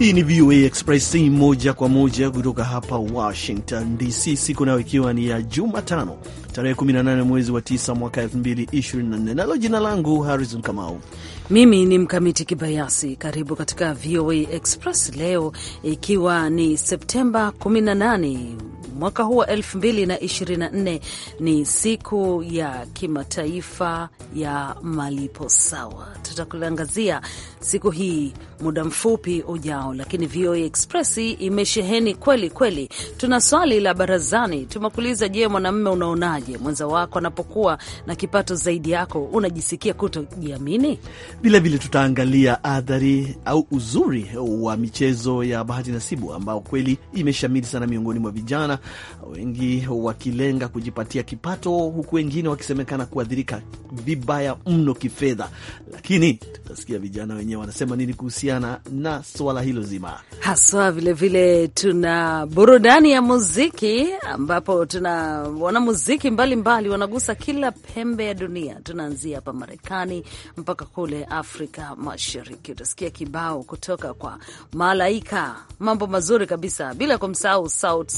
Hii ni VOA Express moja kwa moja kutoka hapa Washington DC, siku nayo ikiwa ni ya Jumatano tarehe 18 mwezi wa 9 mwaka 2024. Nalo jina langu Harrison Kamau, mimi ni mkamiti kibayasi. Karibu katika VOA Express leo, ikiwa ni Septemba 18 mwaka huu wa 2024 ni siku ya kimataifa ya malipo sawa. Tutakuangazia siku hii muda mfupi ujao, lakini VOA Express imesheheni kweli kweli. Tuna swali la barazani, tumekuuliza: Je, mwanamume unaonaje mwenza wako anapokuwa na kipato zaidi yako, unajisikia kutojiamini? Vilevile tutaangalia athari au uzuri wa michezo ya bahati nasibu ambao kweli imeshamiri sana miongoni mwa vijana wengi wakilenga kujipatia kipato, huku wengine wakisemekana kuadhirika vibaya mno kifedha. Lakini tutasikia vijana wenyewe wanasema nini kuhusiana na swala hilo zima haswa. Vilevile tuna burudani ya muziki ambapo tuna wanamuziki mbalimbali wanagusa kila pembe ya dunia. Tunaanzia hapa Marekani mpaka kule Afrika Mashariki. Utasikia kibao kutoka kwa Malaika, mambo mazuri kabisa, bila kumsahau South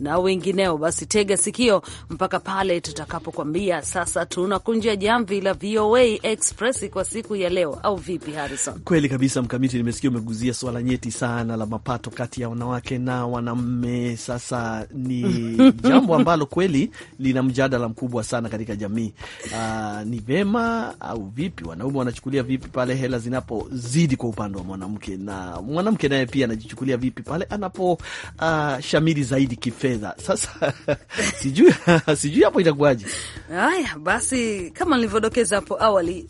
na wengineo. Basi tega sikio mpaka pale tutakapokwambia. Sasa tunakunja jamvi la VOA Express kwa siku ya leo, au vipi Harrison? Kweli kabisa Mkamiti, nimesikia umeguzia swala nyeti sana la mapato kati ya wanawake na wanaume. Sasa ni jambo ambalo kweli lina mjadala mkubwa sana katika jamii. Uh, ni vema au vipi? Wanaume wanachukulia vipi pale hela zinapozidi kwa upande wa mwanamke, na mwanamke naye pia anajichukulia vipi pale anapo uh, shamiri zaidi kifedha. Sasa sijui sijui hapo itakuwaje? Haya basi, kama nilivyodokeza hapo awali,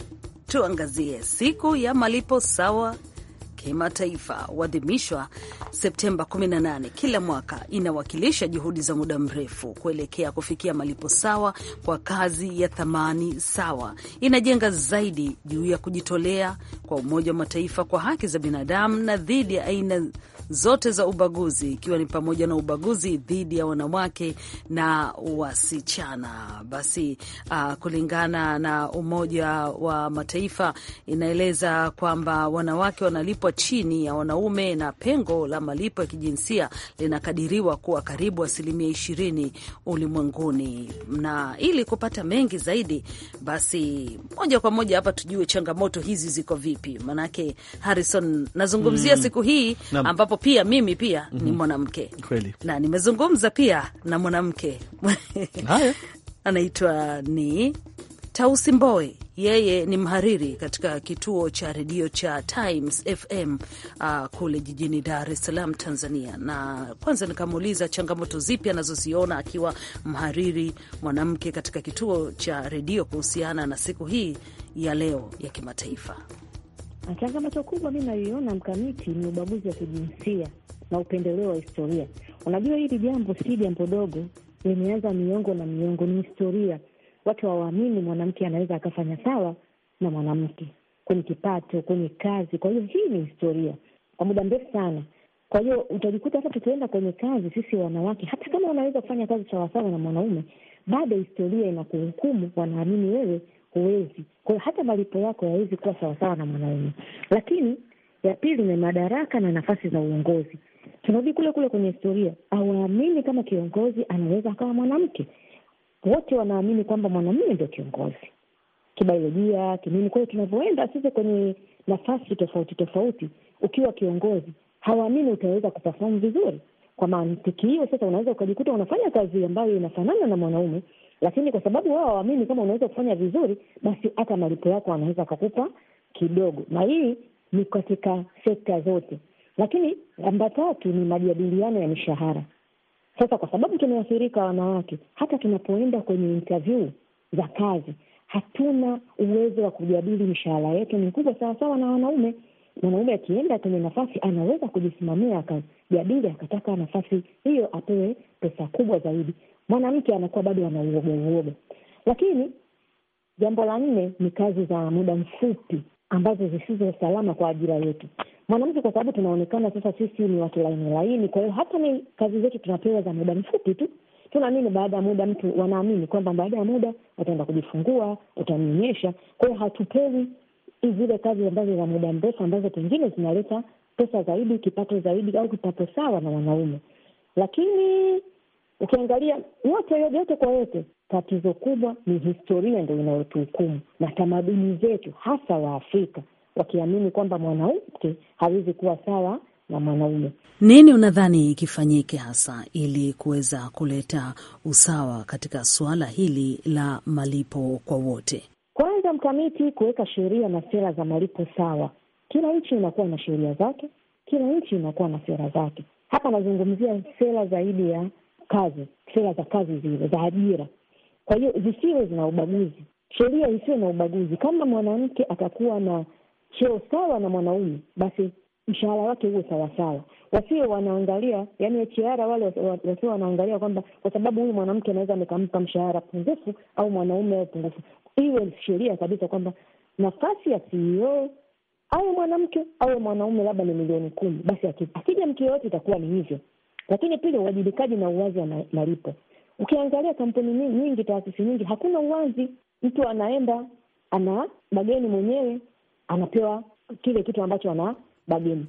tuangazie siku ya malipo sawa kimataifa huadhimishwa Septemba 18 kila mwaka. Inawakilisha juhudi za muda mrefu kuelekea kufikia malipo sawa kwa kazi ya thamani sawa. Inajenga zaidi juu ya kujitolea kwa Umoja wa Mataifa kwa haki za binadamu na dhidi ya aina zote za ubaguzi, ikiwa ni pamoja na ubaguzi dhidi ya wanawake na wasichana. Basi uh, kulingana na Umoja wa Mataifa inaeleza kwamba wanawake wanalipwa chini ya wanaume na pengo la malipo ya kijinsia linakadiriwa kuwa karibu asilimia ishirini ulimwenguni. Na ili kupata mengi zaidi, basi moja kwa moja hapa tujue changamoto hizi ziko vipi, manake Harrison, nazungumzia mm, siku hii ambapo ambapo pia mimi pia mm -hmm. ni mhm. mwanamke kweli, na nimezungumza pia na mwanamke anaitwa ni Tausi mboe Yeye ni mhariri katika kituo cha redio cha Times FM uh, kule jijini Dar es Salaam, Tanzania. Na kwanza nikamuuliza changamoto zipi anazoziona akiwa mhariri mwanamke katika kituo cha redio kuhusiana na siku hii ya leo ya kimataifa. Changamoto kubwa mi naiona mkamiti ni ubaguzi wa kijinsia na upendeleo wa historia. Unajua, hili jambo si jambo dogo, limeanza miongo na miongo, ni historia. Watu hawaamini mwanamke anaweza akafanya sawa na mwanamke kwenye kipato, kwenye kazi. Kwa hiyo hii ni historia kwa muda mrefu sana. Kwa hiyo utajikuta hata tukienda kwenye kazi, sisi wanawake, hata kama wanaweza kufanya kazi sawasawa na mwanaume, bado historia inakuhukumu, wanaamini wewe huwezi. Kwa hiyo hata malipo yako yawezi kuwa sawasawa na mwanaume. Lakini ya pili ni madaraka na nafasi za uongozi. Tunarudi kule kule kwenye historia, hawaamini kama kiongozi anaweza akawa mwanamke. Wote wanaamini kwamba mwanamume ndio kiongozi kibailojia kinini. Kwa hiyo tunavyoenda sisi kwenye nafasi tofauti tofauti, ukiwa kiongozi hawaamini utaweza kuperform vizuri. Kwa mantiki hiyo sasa, unaweza ukajikuta unafanya kazi ambayo inafanana na mwanaume, lakini kwa sababu wao waamini kama unaweza kufanya vizuri, basi hata malipo yako wanaweza kakupa kidogo, na hii ni katika sekta zote. Lakini namba tatu ni majadiliano ya mishahara. Sasa kwa sababu tumeathirika wanawake, hata tunapoenda kwenye interview za kazi hatuna uwezo wa kujadili mishahara yetu ni kubwa sawasawa na wanaume. Mwanaume akienda kwenye nafasi anaweza kujisimamia akajadili, akataka nafasi hiyo apewe pesa kubwa zaidi, mwanamke anakuwa bado ana uoga. Lakini jambo la nne ni kazi za muda mfupi ambazo zisizo salama kwa ajira yetu. Mwanamke kwa sababu tunaonekana sasa sisi ni watu laini laini, kwa hiyo hata ni kazi zetu tunapewa za muda mfupi tu tunaamini baada ya muda mtu wanaamini kwamba baada ya muda wataenda kujifungua, utanionyesha. Kwa hiyo hatupewi zile kazi ambazo za muda mrefu ambazo pengine zinaleta pesa zaidi, kipato zaidi, au kipato sawa na wanaume. Lakini Ukiangalia yote yote kwa yote, tatizo kubwa ni historia ndo inayotuhukumu na tamaduni zetu, hasa wa Afrika wakiamini kwamba mwanamke hawezi kuwa sawa na mwanaume. Nini unadhani ikifanyike hasa ili kuweza kuleta usawa katika suala hili la malipo kwa wote? Kwanza mkamiti, kuweka sheria na sera za malipo sawa. Kila nchi inakuwa na sheria zake, kila nchi inakuwa na sera zake. Hapa nazungumzia sera zaidi ya kazi, sera za kazi zile za ajira. Kwa hiyo zisiwe zina ubaguzi, sheria isiwe na ubaguzi. Kama mwanamke atakuwa na cheo sawa na mwanaume, basi mshahara wake huwe sawasawa, wasiwe wanaangalia yani wachiara wale wasiwe wanaangalia kwamba kwa sababu huyu mwanamke anaweza nikampa mshahara pungufu au mwanaume au pungufu. Iwe sheria kabisa kwamba nafasi ya CEO awe mwanamke awe mwanaume, labda ni milioni kumi, basi akija mtu yoyote itakuwa ni hivyo. Lakini pili, uwajibikaji na uwazi wa malipo. Ukiangalia kampuni nyingi, taasisi nyingi, hakuna uwazi. Mtu anaenda ana bageni mwenyewe, anapewa kile kitu ambacho ana bageni.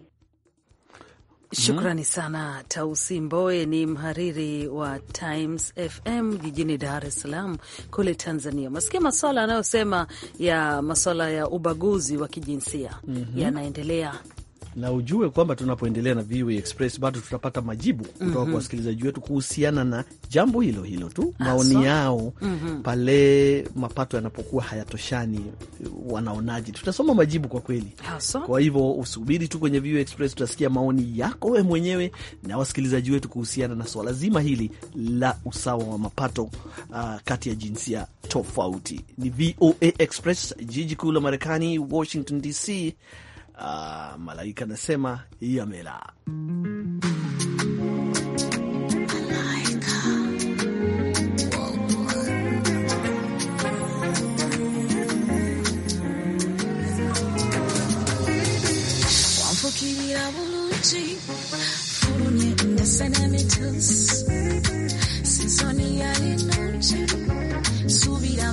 Shukrani sana. Tausi Mboe ni mhariri wa Times FM jijini Dar es Salaam kule Tanzania. Masikia maswala anayosema ya maswala ya ubaguzi wa kijinsia mm -hmm. yanaendelea na ujue kwamba tunapoendelea na VOA Express bado tutapata majibu kutoka mm -hmm. kwa mhm. wasikilizaji wetu kuhusiana na jambo hilo hilo tu, maoni yao mm -hmm. pale mapato yanapokuwa hayatoshani, wanaonaje? Tutasoma majibu kwa kweli. Kwa hivyo usubiri tu kwenye VOA Express, tutasikia maoni yako we mwenyewe na wasikilizaji wetu kuhusiana na swala zima hili la usawa wa mapato uh, kati ya jinsia tofauti. Ni VOA Express, jiji kuu la Marekani, Washington DC. Ah, malaika anasema yamela wamfukirira bulungi yali nungi subira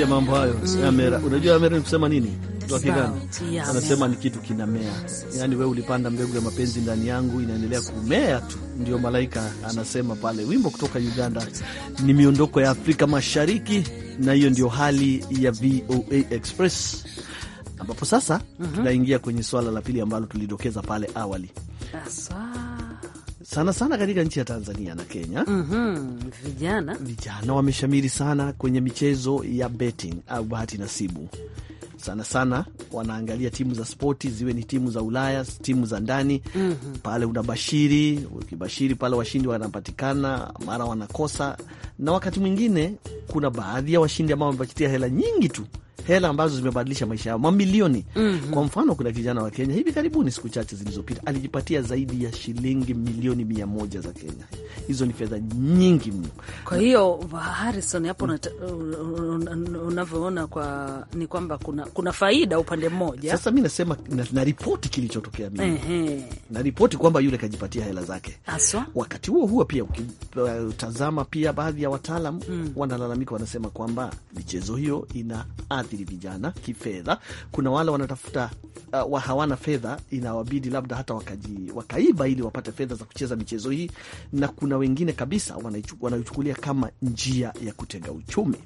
ya mambo hayo Amera, unajua Amera ni kusema nini? Yeah, anasema ni kitu kinamea, yaani wewe ulipanda mbegu ya mapenzi ndani yangu, inaendelea kumea tu. Ndio malaika anasema pale, wimbo kutoka Uganda ni miondoko ya Afrika Mashariki, na hiyo ndio hali ya VOA Express ambapo sasa mm -hmm. tunaingia kwenye swala la pili ambalo tulidokeza pale awali Aswa sana sana katika nchi ya Tanzania na Kenya. mm -hmm. Vijana vijana wameshamiri sana kwenye michezo ya betting au bahati nasibu sana sana wanaangalia timu za spoti, ziwe ni timu za Ulaya, timu za ndani. mm -hmm. Pale unabashiri, ukibashiri pale washindi wanapatikana, mara wanakosa, na wakati mwingine kuna baadhi ya washindi ambao wamepatia hela nyingi tu hela ambazo zimebadilisha maisha yao mamilioni. mm -hmm. Kwa mfano kuna kijana wa Kenya hivi karibuni, siku chache zilizopita, alijipatia zaidi ya shilingi milioni mia moja za Kenya. Hizo ni fedha nyingi mno. Kwa hiyo Harrison, hapo unavyoona kwa ni kwamba kuna, kuna faida upande mmoja. Sasa mi nasema na, na ripoti kilichotokea mimi na ripoti kwamba yule kajipatia hela zake Aswa. Wakati huo huo pia ukitazama uh, pia baadhi ya wataalam mm. wanalalamika, wanasema kwamba michezo hiyo ina kuathiri vijana kifedha. Kuna wale wanatafuta uh, hawana fedha, inawabidi labda hata wakaji, wakaiba ili wapate fedha za kucheza michezo hii, na kuna wengine kabisa wanaichukulia kama njia ya kutega uchumi.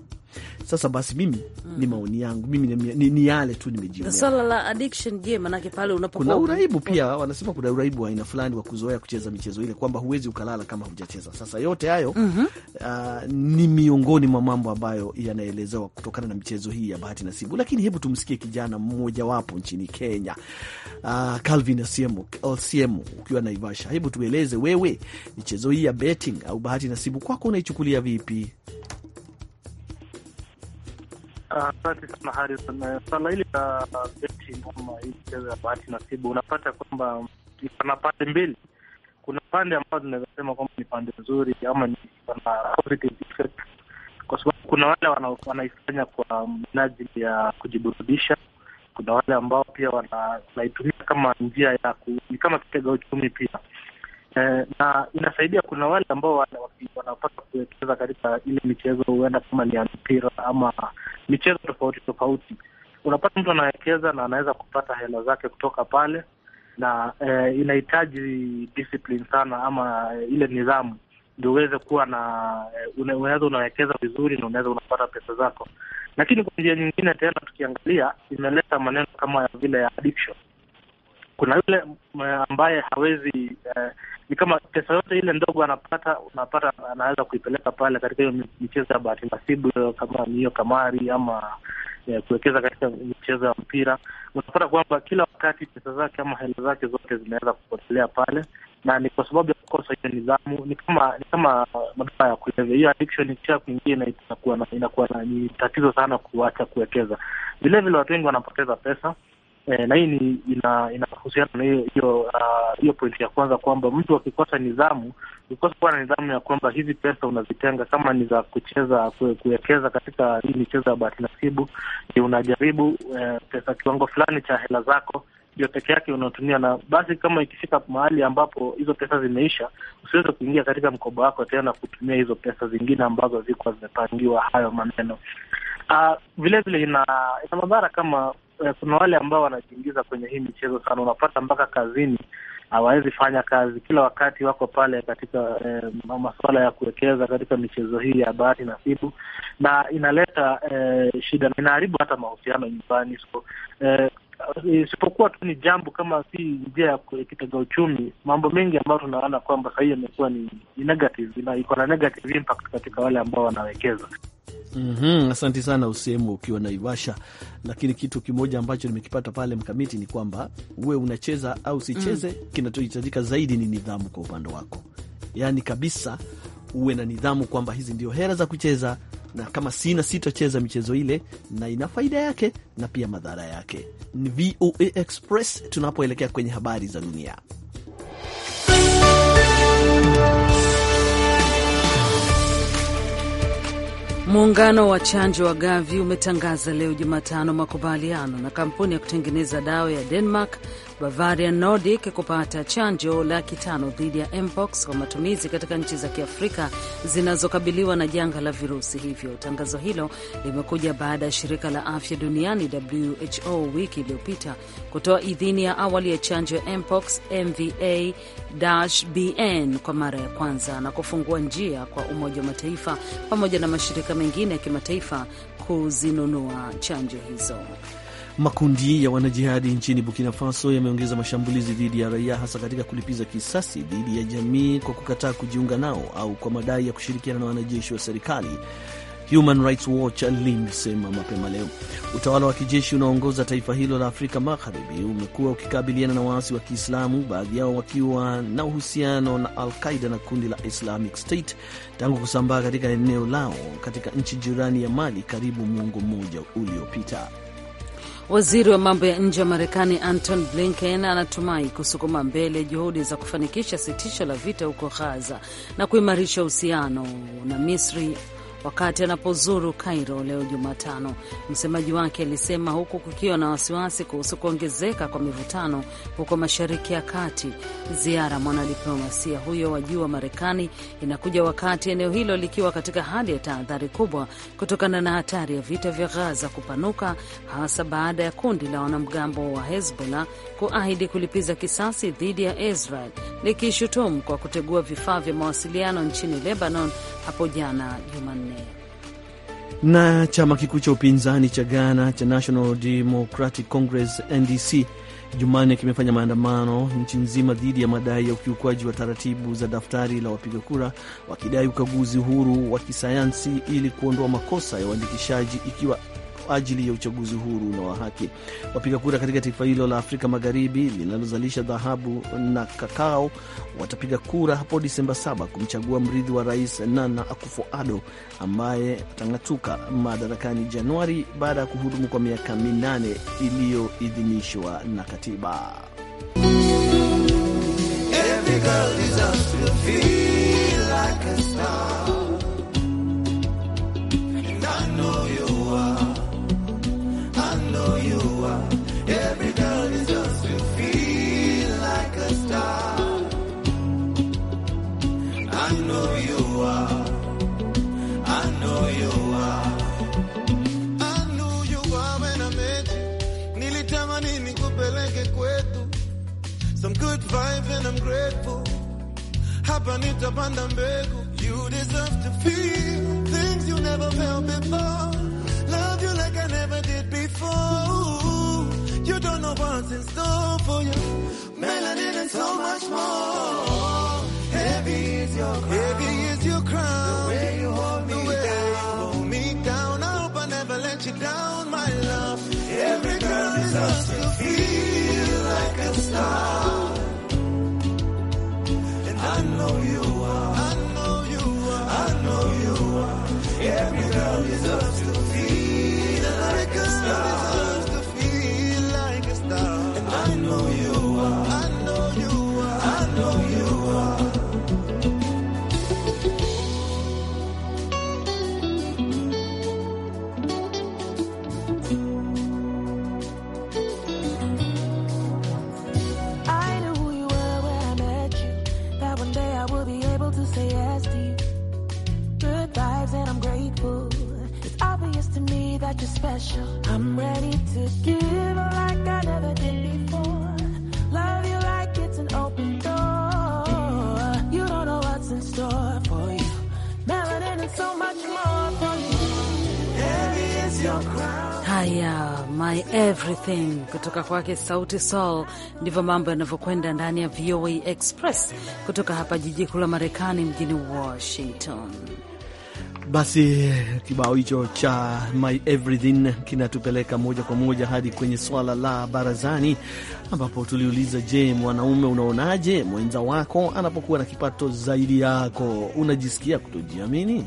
Sasa basi mimi mm. -hmm. ni maoni yangu mimi ni, ni, ni yale tu nimejionea. Swala la addiction, je, manake pale unapokuwa kuna uraibu pia wanasema kuna uraibu wa aina fulani wa kuzoea kucheza michezo ile kwamba huwezi ukalala kama hujacheza. Sasa yote hayo mm -hmm. uh, ni miongoni mwa mambo ambayo yanaelezewa kutokana na michezo hii ya bahati nasibu, lakini hebu tumsikie kijana mmojawapo nchini Kenya uh, Calvin Osiemo, Osiemo ukiwa Naivasha, hebu tueleze wewe michezo hii ya betting au bahati nasibu kwako unaichukulia vipi? Asante sana Harison. Eh, swala hili la beti ngoma, hii mchezo ya bahati nasibu, unapata kwamba ana pande mbili. Kuna pande ambazo zinaweza sema kwamba ni pande nzuri ama ni positive effect, kwa sababu kuna wale wanaifanya kwa minajili ya kujiburudisha. Kuna wale ambao pia wanaitumia kama njia ya ni kama kitega uchumi pia eh, na inasaidia. Kuna wale ambao wanapata kuwekeza katika ile michezo, huenda kama ni ya mpira ama michezo tofauti tofauti, unapata mtu anawekeza na anaweza kupata hela zake kutoka pale, na eh, inahitaji discipline sana ama eh, ile nidhamu ndio uweze kuwa na eh, unaweza unawekeza vizuri na unaweza unapata pesa zako. Lakini kwa njia nyingine tena, tukiangalia imeleta maneno kama vile ya addiction. Kuna yule eh, ambaye hawezi eh, ni kama pesa yote ile ndogo anapata, unapata anaweza kuipeleka pale katika hiyo michezo ya bahati nasibu kama hiyo kamari ama eh, kuwekeza katika michezo ya mpira. Unapata kwamba kila wakati pesa zake ama hela zake zote zinaweza kupotelea pale, na ni kwa sababu ya kukosa hiyo nidhamu. Ni kama ni kama madawa ya kulevya, hiyo addiction ikisha kuingia inakuwa inakuwa ni tatizo sana kuacha kuwekeza. Vilevile watu wengi wanapoteza pesa E, na hii ni inahusiana na hiyo hiyo ah, pointi ya kwanza kwamba mtu akikosa nidhamu, ukikosa kuwa na nidhamu ya kwamba hizi pesa unazitenga, kama ni za kucheza kuwekeza katika hii michezo ya bahati nasibu, ni unajaribu eh, pesa kiwango fulani cha hela zako ndio peke yake unaotumia, na basi kama ikifika mahali ambapo hizo pesa zimeisha, usiweze kuingia katika mkoba wako tena kutumia hizo pesa zingine ambazo zilikuwa zimepangiwa. Hayo maneno vilevile ah, ina, ina madhara kama Eh, kuna wale ambao wanajiingiza kwenye hii michezo sana, unapata mpaka kazini hawawezi fanya kazi, kila wakati wako pale katika eh, masuala ya kuwekeza katika michezo hii ya bahati nasibu, na inaleta eh, shida na inaharibu hata mahusiano nyumbani. So eh, isipokuwa tu ni jambo kama si njia ya kitega uchumi, mambo mengi ambayo tunaona kwamba sahii amekuwa ni, ni negative, iko na negative impact katika wale ambao wanawekeza. Mm -hmm, asante sana usehemu ukiwa Naivasha, lakini kitu kimoja ambacho nimekipata pale mkamiti ni kwamba uwe unacheza au sicheze, mm. Kinachohitajika zaidi ni nidhamu kwa upande wako, yaani kabisa uwe na nidhamu kwamba hizi ndio hera za kucheza, na kama sina sitocheza michezo ile, na ina faida yake na pia madhara yake. Ni VOA Express tunapoelekea kwenye habari za dunia. Muungano wa chanjo wa Gavi umetangaza leo Jumatano makubaliano na kampuni ya kutengeneza dawa ya Denmark Bavaria Nordic kupata chanjo laki tano dhidi ya mpox kwa matumizi katika nchi za Kiafrika zinazokabiliwa na janga la virusi hivyo. Tangazo hilo limekuja baada ya shirika la afya duniani WHO wiki iliyopita kutoa idhini ya awali ya chanjo ya mpox MVA-BN kwa mara ya kwanza na kufungua njia kwa Umoja wa Mataifa pamoja na mashirika mengine ya kimataifa kuzinunua chanjo hizo. Makundi ya wanajihadi nchini Burkina Faso yameongeza mashambulizi dhidi ya raia, hasa katika kulipiza kisasi dhidi ya jamii kwa kukataa kujiunga nao au kwa madai ya kushirikiana na wanajeshi wa serikali. Human Rights Watch limesema mapema leo utawala wa kijeshi unaoongoza taifa hilo la Afrika Magharibi umekuwa ukikabiliana na waasi wa Kiislamu, baadhi yao wakiwa na uhusiano na Al-Qaida na kundi la Islamic State tangu kusambaa katika eneo lao katika nchi jirani ya Mali karibu muongo mmoja uliopita. Waziri wa mambo ya nje wa Marekani Anton Blinken anatumai kusukuma mbele juhudi za kufanikisha sitisho la vita huko ghaza na kuimarisha uhusiano na Misri wakati anapozuru Cairo leo Jumatano. Msemaji wake alisema huku kukiwa na wasiwasi kuhusu kuongezeka kwa mivutano huko Mashariki ya Kati, ziara mwanadiplomasia huyo wa juu wa Marekani inakuja wakati eneo hilo likiwa katika hali ya tahadhari kubwa kutokana na hatari ya vita vya Ghaza kupanuka, hasa baada ya kundi la wanamgambo wa Hezbollah kuahidi kulipiza kisasi dhidi ya Israel likishutumu kwa kutegua vifaa vya mawasiliano nchini Lebanon hapo jana Jumanne. Na chama kikuu cha upinzani cha Ghana cha National Democratic Congress NDC Jumanne kimefanya maandamano nchi nzima dhidi ya madai ya ukiukwaji wa taratibu za daftari la wapiga kura, wakidai ukaguzi huru wa kisayansi ili kuondoa makosa ya uandikishaji ikiwa ajili ya uchaguzi huru na wa haki. Wapiga kura katika taifa hilo la Afrika Magharibi linalozalisha dhahabu na kakao watapiga kura hapo Disemba 7 kumchagua mrithi wa rais Nana Akufo-Addo ambaye atang'atuka madarakani Januari baada ya kuhudumu kwa miaka minane iliyoidhinishwa na katiba. Every girl survive and I'm grateful. Hapa nitapanda mbegu. You deserve to feel things you never felt before. Love you like I never did before. You don't know what's in store for you. Melanin and so much more. Heavy is your crown. Heavy is your crown. The way you hold me down. Hold me down. I hope I never let you down, my love. Every girl deserves to feel like a star. Thing kutoka kwake Sauti Sol. Ndivyo mambo yanavyokwenda ndani ya VOA Express kutoka hapa jiji kuu la Marekani, mjini Washington. Basi kibao hicho cha My Everything kinatupeleka moja kwa moja hadi kwenye swala la barazani, ambapo tuliuliza, je, mwanaume unaonaje mwenza wako anapokuwa na kipato zaidi yako? Unajisikia kutojiamini?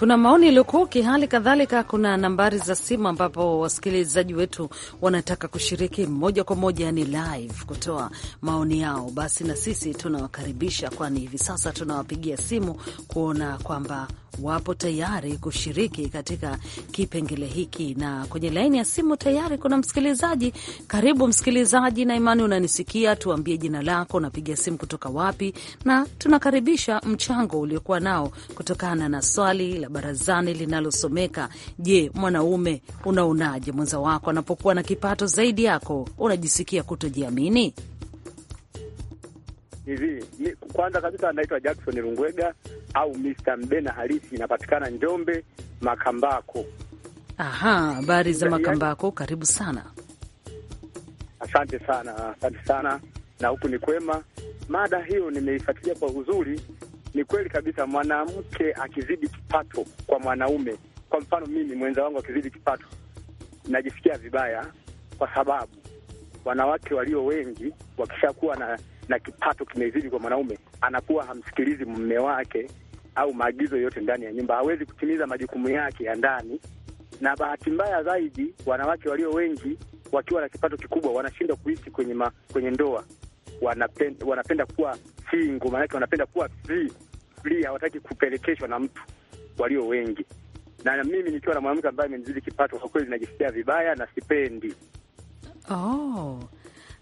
Kuna maoni yaliyokuki, hali kadhalika kuna nambari za simu ambapo wasikilizaji wetu wanataka kushiriki moja kwa moja, yani live, kutoa maoni yao. Basi na sisi tunawakaribisha, kwani hivi sasa tunawapigia simu kuona kwamba wapo tayari kushiriki katika kipengele hiki, na kwenye laini ya simu tayari kuna msikilizaji. Karibu msikilizaji, na imani unanisikia, tuambie jina lako, unapiga simu kutoka wapi, na tunakaribisha mchango uliokuwa nao kutokana na swali la barazani linalosomeka: Je, mwanaume unaonaje mwenza wako anapokuwa na kipato zaidi yako, unajisikia kutojiamini? hivi. Kwanza kabisa anaitwa Jackson Rungwega au Mr. Mbena halisi, inapatikana Njombe Makambako. Aha, habari za Makambako, karibu sana. Asante sana, asante sana, na huku ni kwema. Mada hiyo nimeifuatilia kwa uzuri. Ni kweli kabisa, mwanamke akizidi kipato kwa mwanaume, kwa mfano mimi mwenza wangu akizidi kipato, najisikia vibaya, kwa sababu wanawake walio wengi wakishakuwa na na kipato kimezidi kwa mwanaume, anakuwa hamsikilizi mume wake au maagizo yote ndani ya nyumba, hawezi kutimiza majukumu yake ya ndani. Na bahati mbaya zaidi, wanawake walio wengi wakiwa na kipato kikubwa wanashindwa kuishi kwenye ma, kwenye ndoa, wanapenda, wanapenda kuwa single, maanake wanapenda kuwa free free, hawataki kupelekeshwa na mtu walio wengi. Na mimi nikiwa na mwanamke ambaye amenizidi kipato, kwa kweli najisikia vibaya na sipendi. Oh.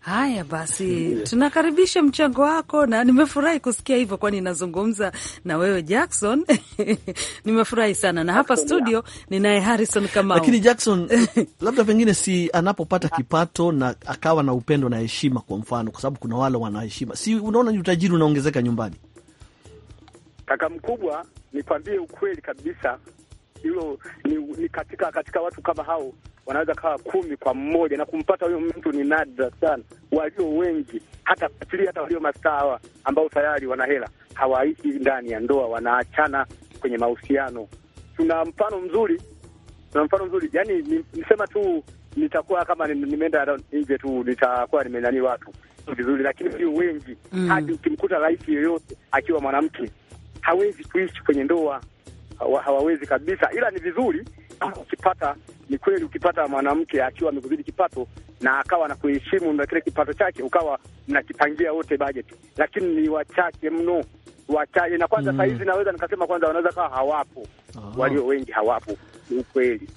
Haya basi, tunakaribisha mchango wako, na nimefurahi kusikia hivyo, kwani nazungumza na wewe Jackson. Nimefurahi sana na hapa studio ninaye Harrison Kamau. Lakini Jackson, labda pengine, si anapopata kipato na akawa na upendo na heshima, kwa mfano, kwa sababu kuna wale wanaheshima, si unaona utajiri unaongezeka nyumbani. Kaka mkubwa, nikwambie ukweli kabisa, hilo ni, ni katika katika watu kama hao wanaweza kawa kumi kwa mmoja, na kumpata huyo mtu ni nadra sana. Walio wengi hata fatili, hata walio mastawa ambao tayari wana hela hawaishi ndani ya ndoa, wanaachana kwenye mahusiano. Tuna mfano mzuri, tuna mfano mzuri yani, yaani, nisema tu nitakuwa kama nimeenda nje tu nitakuwa nimenani watu vizuri, lakini walio wengi mm, hadi ukimkuta rais yoyote akiwa mwanamke hawezi kuishi kwenye ndoa, hawawezi kabisa, ila ni vizuri Ah, ukipata ni kweli, ukipata mwanamke akiwa amekuzidi kipato na akawa na kuheshimu na kile kipato chake, ukawa mnakipangia wote bajeti, lakini ni wachache mno, wachache. Na kwanza mm, saa hizi naweza nikasema kwanza wanaweza kawa hawapo, ah. walio wengi hawapo ni ukweli.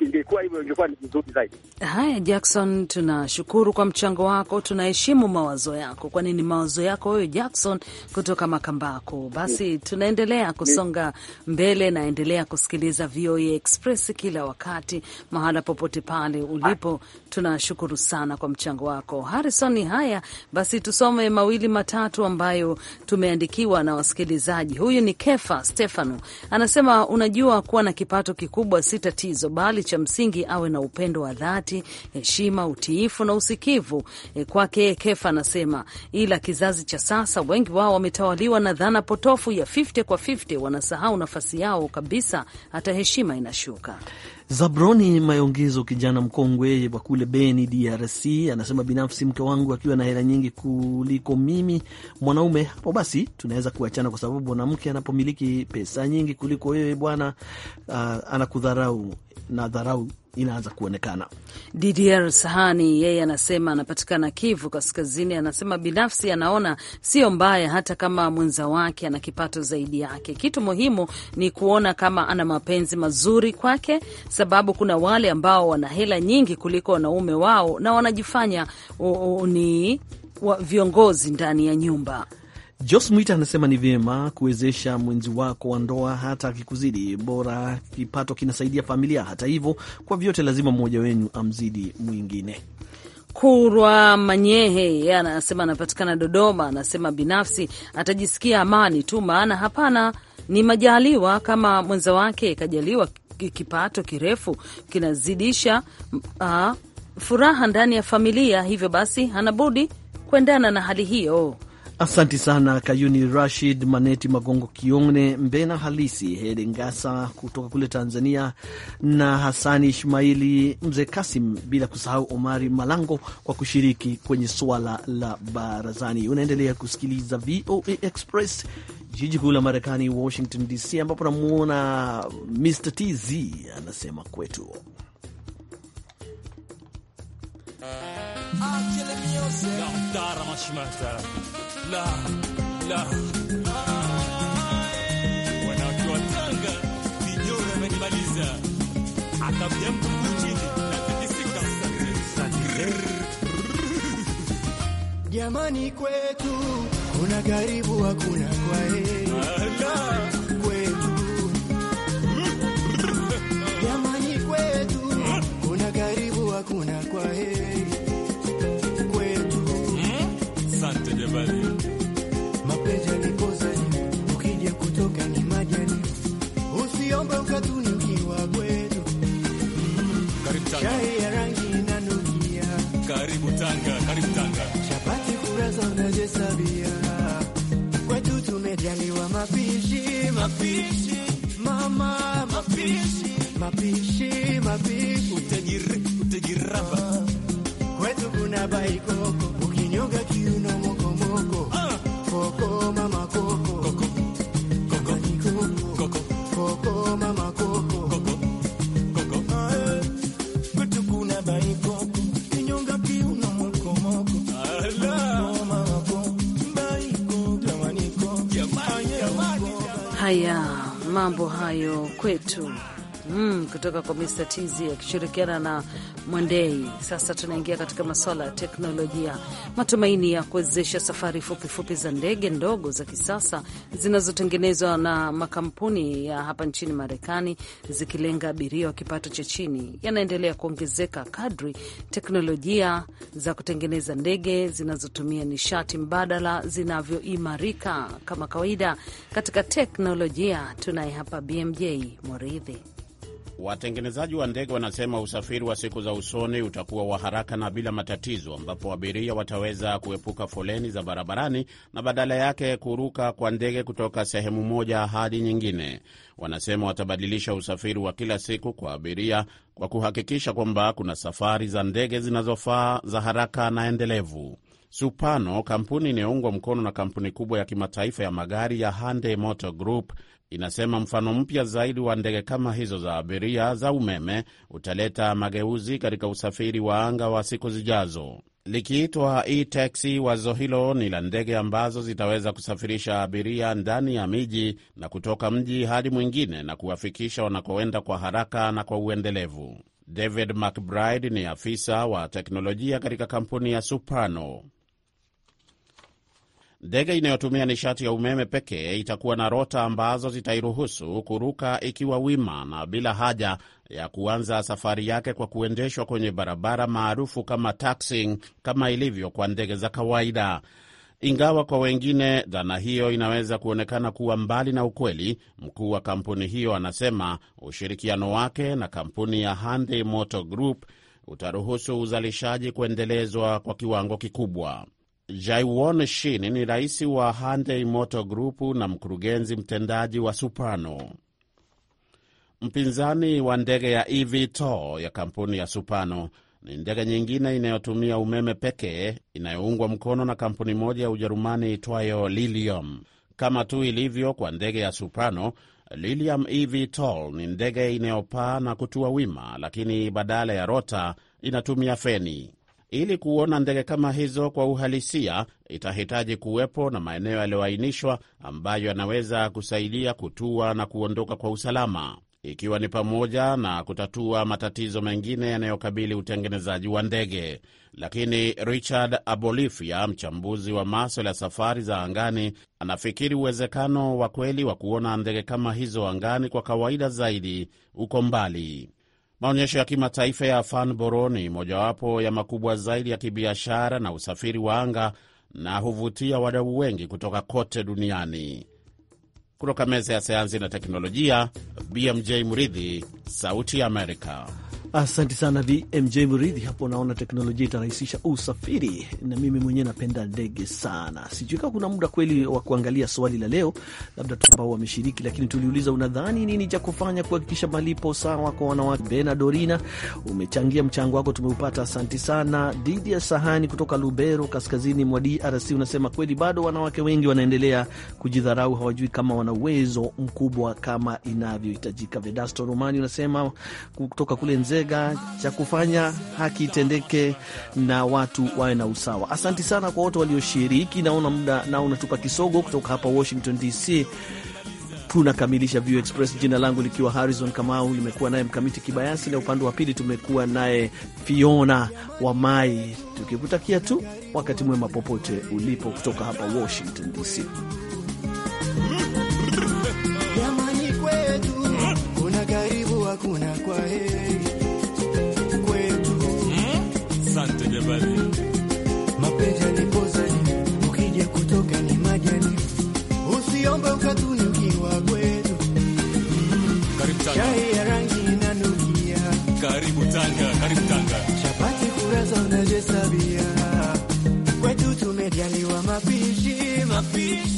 Ingekuwa hivyo ingekuwa ni vizuri zaidi. Haya, Jackson, tunashukuru kwa mchango wako, tunaheshimu mawazo yako, kwani ni mawazo yako wewe Jackson kutoka Makambako. Basi ni, mm. tunaendelea mm. kusonga ni mbele, naendelea kusikiliza VOA Express kila wakati, mahala popote pale ulipo. Tunashukuru sana kwa mchango wako Harrison. Haya basi, tusome mawili matatu ambayo tumeandikiwa na wasikilizaji. Huyu ni Kefa Stefano, anasema unajua kuwa na kipato kikubwa kubwa si tatizo, bali cha msingi awe na upendo wa dhati, heshima, utiifu na usikivu e, kwake. Kefa anasema, ila kizazi cha sasa wengi wao wametawaliwa na dhana potofu ya 50 kwa 50, wanasahau nafasi yao kabisa, hata heshima inashuka. Zabroni Mayongezo, kijana mkongwe wa kule Beni, DRC, anasema binafsi, mke wangu akiwa na hela nyingi kuliko mimi mwanaume, hapo basi tunaweza kuachana, kwa sababu mwanamke anapomiliki pesa nyingi kuliko wewe bwana, uh, anakudharau na dharau inaanza kuonekana. Didier Sahani yeye anasema anapatikana Kivu Kaskazini, anasema binafsi anaona sio mbaya, hata kama mwenza wake ana kipato zaidi yake. Kitu muhimu ni kuona kama ana mapenzi mazuri kwake, sababu kuna wale ambao wana hela nyingi kuliko wanaume wao na wanajifanya ni viongozi ndani ya nyumba Jos Mwita anasema ni vyema kuwezesha mwenzi wako wa ndoa hata akikuzidi, bora kipato kinasaidia familia. Hata hivyo, kwa vyote lazima mmoja wenyu amzidi mwingine. Kurwa Manyehe yeye anasema anapatikana Dodoma, anasema binafsi atajisikia amani tu, maana hapana, ni majaliwa kama mwenza wake kajaliwa kipato kirefu kinazidisha uh, furaha ndani ya familia, hivyo basi hana budi kuendana na hali hiyo. Asanti sana Kayuni Rashid, Maneti Magongo, Kione Mbena Halisi, Hede Ngasa kutoka kule Tanzania, na Hasani Ishmaili, Mzee Kasim, bila kusahau Omari Malango kwa kushiriki kwenye suala la barazani. Unaendelea kusikiliza VOA Express, jiji kuu la Marekani, Washington DC, ambapo namwona Mr TZ anasema kwetu la la wanawake wa Tanga vijora chini na Jamani, kwetu kuna karibu hakuna kwetu, Jamani, kwetu kuna karibu hakuna kwae mapishi, mapishi, mama mapishi, mapishi, mapishi. Utajiri, utajiraba. Kwetu kuna baikoko, ukinyonga kiuno mokomoko. Ah! Koko Haya, mambo hayo kwetu. Mm, kutoka kwa Mr. Tizi akishirikiana na Mwandei. Sasa tunaingia katika masuala ya teknolojia, matumaini ya kuwezesha safari fupifupi fupi za ndege ndogo za kisasa zinazotengenezwa na makampuni ya hapa nchini Marekani, zikilenga abiria wa kipato cha chini yanaendelea kuongezeka kadri teknolojia za kutengeneza ndege zinazotumia nishati mbadala zinavyoimarika. Kama kawaida katika teknolojia, tunaye hapa BMJ Moridhi. Watengenezaji wa ndege wanasema usafiri wa siku za usoni utakuwa wa haraka na bila matatizo, ambapo abiria wataweza kuepuka foleni za barabarani na badala yake kuruka kwa ndege kutoka sehemu moja hadi nyingine. Wanasema watabadilisha usafiri wa kila siku kwa abiria kwa kuhakikisha kwamba kuna safari za ndege zinazofaa za haraka na endelevu. Supano, kampuni inayoungwa mkono na kampuni kubwa ya kimataifa ya magari ya Hyundai Motor Group inasema mfano mpya zaidi wa ndege kama hizo za abiria za umeme utaleta mageuzi katika usafiri wa anga wa siku zijazo. Likiitwa e-taxi, wazo hilo ni la ndege ambazo zitaweza kusafirisha abiria ndani ya miji na kutoka mji hadi mwingine na kuwafikisha wanakoenda kwa haraka na kwa uendelevu. David McBride ni afisa wa teknolojia katika kampuni ya Suprano. Ndege inayotumia nishati ya umeme pekee itakuwa na rota ambazo zitairuhusu kuruka ikiwa wima na bila haja ya kuanza safari yake kwa kuendeshwa kwenye barabara maarufu kama taxiing, kama ilivyo kwa ndege za kawaida. Ingawa kwa wengine dhana hiyo inaweza kuonekana kuwa mbali na ukweli, mkuu wa kampuni hiyo anasema ushirikiano wake na kampuni ya Hyundai Motor Group utaruhusu uzalishaji kuendelezwa kwa kiwango kikubwa. Jaiwon Shin ni rais wa Hyundai Motor Group na mkurugenzi mtendaji wa Supano. Mpinzani wa ndege ya eVTOL ya kampuni ya Supano ni ndege nyingine inayotumia umeme pekee inayoungwa mkono na kampuni moja ya Ujerumani itwayo Lilium. Kama tu ilivyo kwa ndege ya Supano, Lilium eVTOL ni ndege inayopaa na kutua wima, lakini badala ya rota inatumia feni. Ili kuona ndege kama hizo kwa uhalisia, itahitaji kuwepo na maeneo yaliyoainishwa ambayo yanaweza kusaidia kutua na kuondoka kwa usalama, ikiwa ni pamoja na kutatua matatizo mengine yanayokabili utengenezaji wa ndege. Lakini Richard Abolifia, mchambuzi wa maswala ya safari za angani, anafikiri uwezekano wa kweli wa kuona ndege kama hizo angani kwa kawaida zaidi uko mbali. Maonyesho ya kimataifa ya Fan Boroni, mojawapo ya makubwa zaidi ya kibiashara na usafiri wa anga, na huvutia wadau wengi kutoka kote duniani. Kutoka meza ya sayansi na teknolojia, BMJ Muridhi, Sauti ya Amerika. Asante sana VMJ Mridhi. hapo naona teknolojia itarahisisha usafiri, na mimi mwenyewe napenda ndege sana. Sijui kama kuna muda kweli wa kuangalia swali la leo, labda tu wameshiriki, lakini tuliuliza unadhani nini cha kufanya kuhakikisha malipo sawa kwa wanawake. Bena Dorina, umechangia mchango wako, tumeupata asante sana. Didi ya Sahani kutoka Lubero, kaskazini mwa DRC, unasema kweli bado wanawake wengi wanaendelea kujidharau, hawajui kama wana uwezo mkubwa kama inavyohitajika. Vedasto Romani unasema kutoka kule Nzega kitega cha kufanya haki itendeke na watu wawe na usawa. Asanti sana kwa wote walioshiriki. Naona muda nao unatupa kisogo. Kutoka hapa Washington DC tunakamilisha View Express, jina langu likiwa Harrison Kamau, limekuwa naye Mkamiti Kibayasi na upande wa pili tumekuwa naye Fiona wa Mai, tukikutakia tu wakati mwema popote ulipo, kutoka hapa Washington DC. kuna karibu, hakuna mapenzi yanipozani, ukija kutoka ni majani, usiombe ukatuni ukiwa kwetu. Chai ya rangi inanukia, karibu Tanga, karibu Tanga. Chapati kuraza unajisabia, kwetu tumejaliwa mapishi, mapishi